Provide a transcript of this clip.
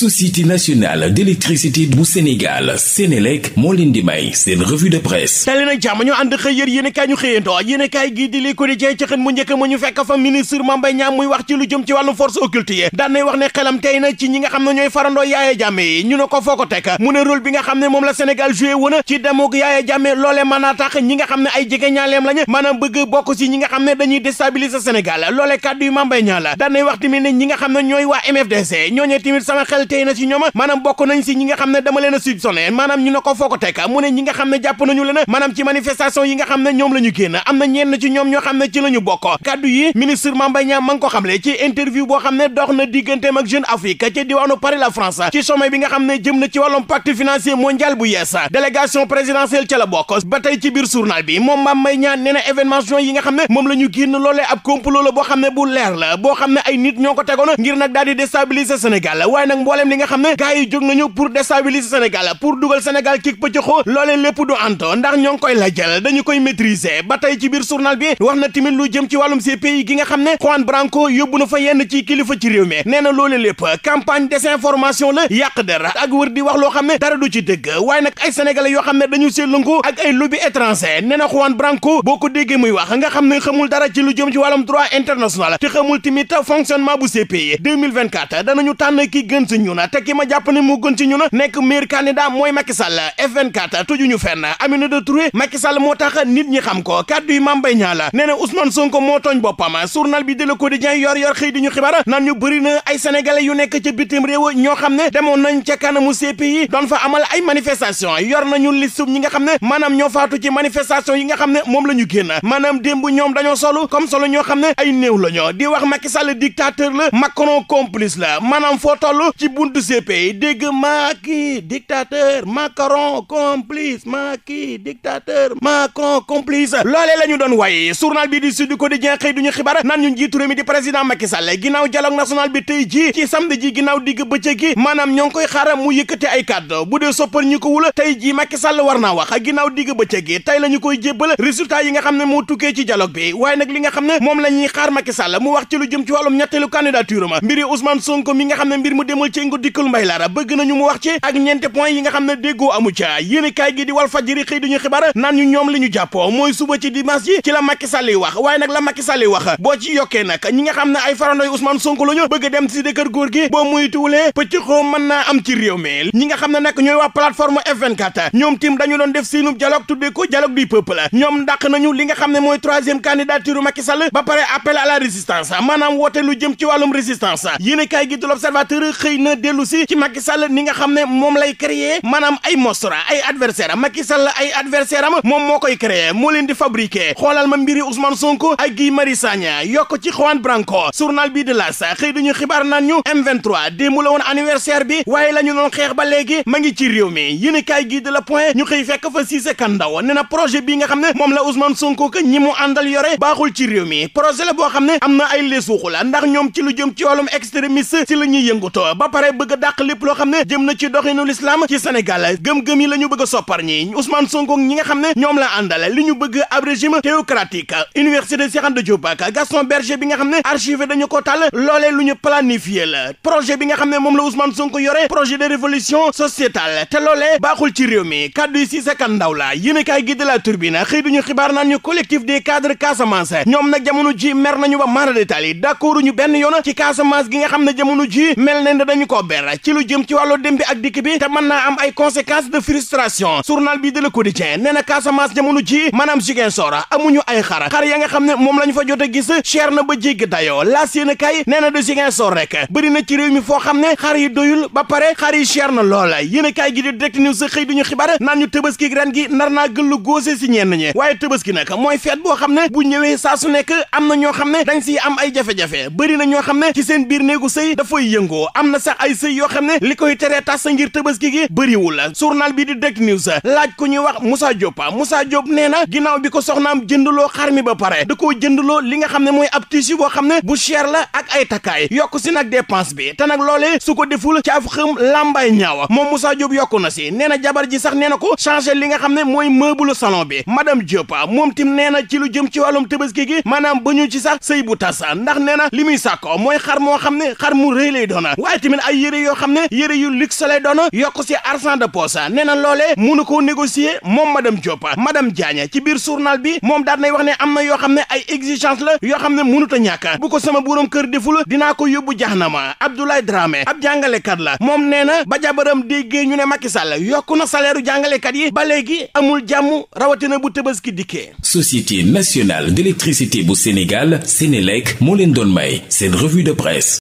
société nationale d'électricité bu Sénégal Sénélec moo leen di may seen revue de presse tali nag jàmm ñu ànd xëy yër yéenekaay ñu xëyantoo yéenekaay gii di Le Quotidien ci xën mu njëkk ma ñu fekk fa ministre Mame muy wax ci lu jëm ci wàllum force occulte yi daan wax ne xelam tey na ci ñi nga xam ne ñooy farandoo Yaya Jammeh yi ñu ne ko foo ko teg mu ne rôle bi nga xam ne moom la Sénégal joué woon ci demuk Yaya Jammeh loolee mën naa tax ñi nga xam ne ay jege tey na ci ñoom maanaam bokk nañ si ñi nga xam ne dama leen a soupçonné maanaam ñu ne ko foo ko teg mu ne ñi nga xam ne jàpp nañu leen maanaam ci manifestation yi nga xam ne ñoom la ñu génn am na ñenn ci ñoom ñoo xam ne ci la ñu bokk kaddu yi ministre Mame Mbaye Niang ma ngi ko xamle ci interview boo xam ne dox na digganteem ak Jeune Afrique ci diwaanu Paris la France ci sommet bi nga xam ne jëm na ci wàllum pacte financier moom la ñu génn ne bu leer la ne ay nit ñoo ko tegoon ngir mboolem li nga xam ne gars yi jóg nañu pour déstabiliser Sénégal pour dugal Sénégal kii pëccëxoo loolee lépp du anto ndax ñoo ngi koy lajjal dañu koy maîtriser ba tey ci biir journal bi wax na tamit lu jëm ci wàllum CPI gi nga xam ne Juan Branco yóbbu na fa yenn ci kilifa ci réew mi nee na loole lépp campagne désinformation la yàq dara ak wër di wax loo xam ne dara du ci dëgg waaye na ay sénégalais yoo xam ne dañu seetlanko ak ay lobby étranger nee na Juan Branco boo ko déggee muy wax nga xam ne xamul dara ci lu jëm ci wàllum droit international te xamul tamit fonctionnement bu CPI 2024 danañu tànn ki gën suñu ñun te ki ma jàpp ne moo gën ci ñun nekk meilleur candidat mooy Macky Sall F24 tujuñu fenn Aminata Touré Macky Sall moo tax nit ñi xam ko kàddu yi Mame Mbaye Niang la nee na Ousmane Sonko moo tooñ boppam journal bi de Le Quotidien yor yor xëy di ñu xibaar naan ñu bëri ay sénégalais yu nekk ca bitim réew ñoo xam ne demoon nañ ca kanamu CPI doon fa amal ay manifestation yor nañu listub ñi nga xam ne maanaam ñoo faatu ci manifestation yi nga xam ne moom la ñu génn maanaam démb ñoom dañoo solu comme solo ñoo xam ne ay néew la ñoo di wax Macky Sall dictateur la Macron complice la maanaam foo toll ci buntu CPI dégg Macky dictateur Macron complice Macky dictateur Macron complice loolee la ñu doon way journal bi di Sud Quotidien xëy duñu xibaar naan ñu njiitu réew mi di président Macky Sall ginnaaw dialogue national bi tey ji ci samedi ji ginnaaw digg bëccëg gi maanaam ñoo ngi koy xaar mu yëkkati ay kàddu bu dee soppal ñu ko wula tey ji Macky Sall war naa wax ginnaaw digg bëccëg gi tey la ñu koy jébbal résultat yi nga xam ne moo tukkee ci dialogue bi waaye nag li nga xam ne moom la ñuy xaar Macky Sall mu lu jëm ci wàllum ñetteelu candidature ma mbiri Ousmane Sonko nga xam ne mbir mu demul sengu dikkul mbay laara bëgg nañu mu wax ci ak ñeenti point yi nga xam ne déggoo amu ca yéene gi di wal fajiri xëy duñu xibaar naan ñu ñoom li ñu jàppoo mooy suba ci dimanche ji ci la Macky Sall yi wax waaye nag la Macky Sall yi wax boo ci yokkee nag ñi nga xam ne ay farandoy Ousmane Sonko lañu bëgg dem si dëkkër góor gi boo muy tuulee pëcc xoo naa am ci réew ñi nga xam ne nag ñooy waa plateforme F24 ñoom tim dañu doon def seenub dialogue tuddee mooy troisième candidature Macky dina dellu si ci Macky Sall ni nga xam ne moom lay créer maanaam ay monstre ay adversaire Macky Sall ay adversaire moom moo koy créer moo leen di fabriquer xoolal ma mbiri Ousmane Sonko ak Guy Marius Sagna yokk ci Juan Branco journal bi de la sa xëy duñu xibaar naan ñu M23 démb la woon anniversaire bi waaye la ñu doon xeex ba léegi ma ngi ci réew mi yéen kaay gi de la ñu xëy fekk fa Cissé Kandaw nee na projet bi nga xam ne moom la Ousmane Sonko ñi mu àndal ne am na ay lesuuxu la ndax ñoom ci lu la ñuy yëngutoo pare bëgg a dàq lépp loo xam ne jëm na ci doxinu lislaam ci Sénégal gëm-gëm yi la bëgg a soppar ñi Ousmane Sonko ñi nga xam ne ñoom la àndale li ñu bëgg ab régime théocratique université Cheikh Anta Diop ak Gaston Berger bi nga xam ne archivé dañu ko tàll loolee lu ñu planifié la projet bi nga xam ne moom la Ousmane Sonko yore projet de révolution sociétale te loolee baaxul ci réew mi kàddu yi si kan ndaw la yéen gi de la turbine xëy duñu ñu collectif des cadres koo ber ci lu jëm ci wàllu dem bi ak dikk bi te naa am ay conséquences de frustration journal bi de Le Quotidien nee na Casamance jamono ji maanaam Ziguinchor amuñu ay xar xar ya xam ne moom la ñu fa jot a gis cher na ba jéggi dayoo laas yéen a kay nee na de Ziguinchor rek bëri na ci réew mi foo xam ne xar yi ba pare xar yi na loola yéen a kay gi di Direct News xëy duñu xibaar naan ñu tëbaski ren gi nar naa gën lu si ñenn ñi waaye mooy feet boo xam ne bu ñëwee saa su nekk na ñoo xam ne dañ siy am ay jafe-jafe bëri na ñoo xam ne ci seen biir néegu sëy dafay yëngoo am na sax ay sëy yoo xam ne li koy teree tas ngir tabaski gi bëriwul surnal bi di Direct sa laaj ku ñuy wax Moussa Diop Moussa Diop nee na ginnaaw bi ko soxnaam jëndloo xar mi ba pare da koo jëndloo li nga xam ne mooy ab tissu boo xam ne bu cher la ak ay takkaay yokk si nag dépense bi te nag loolee su ko deful caaf xëm làmbaay ñaawa moo Moussa Diop yokk na si nee na jabar ji sax nee na ko changé li nga xam ne mooy meuble salon bi madame Diop moom tim nee na ci lu jëm ci wàllum tabaski gi maanaam ba ñu ci sax sëy bu tas ndax nee na li muy sàkko mooy xar moo xam ne xar mu rëy lay doona ay yére yoo xam ne yére yu luxe lay doon yokk si argent de poche nee na loolee munu koo négocier moom madame Diop madame Diagne ci biir journal bi moom daal nay wax ne am na yoo xam ne ay exigence la yoo xam ne munut a ñàkk bu ko sama boroom kër deful dinaa ko yóbbu jaxnama Abdoulaye Dramé ab jàngalekat la moom nee na ba jabaram déggee ñu ne Macky Sall yokk na salaire jàngalekat yi ba léegi amul jàmm rawatina bu Tabaski dikkee. Société nationale d'électricité bu Sénégal Sénélec moo leen doon may seen revue de presse.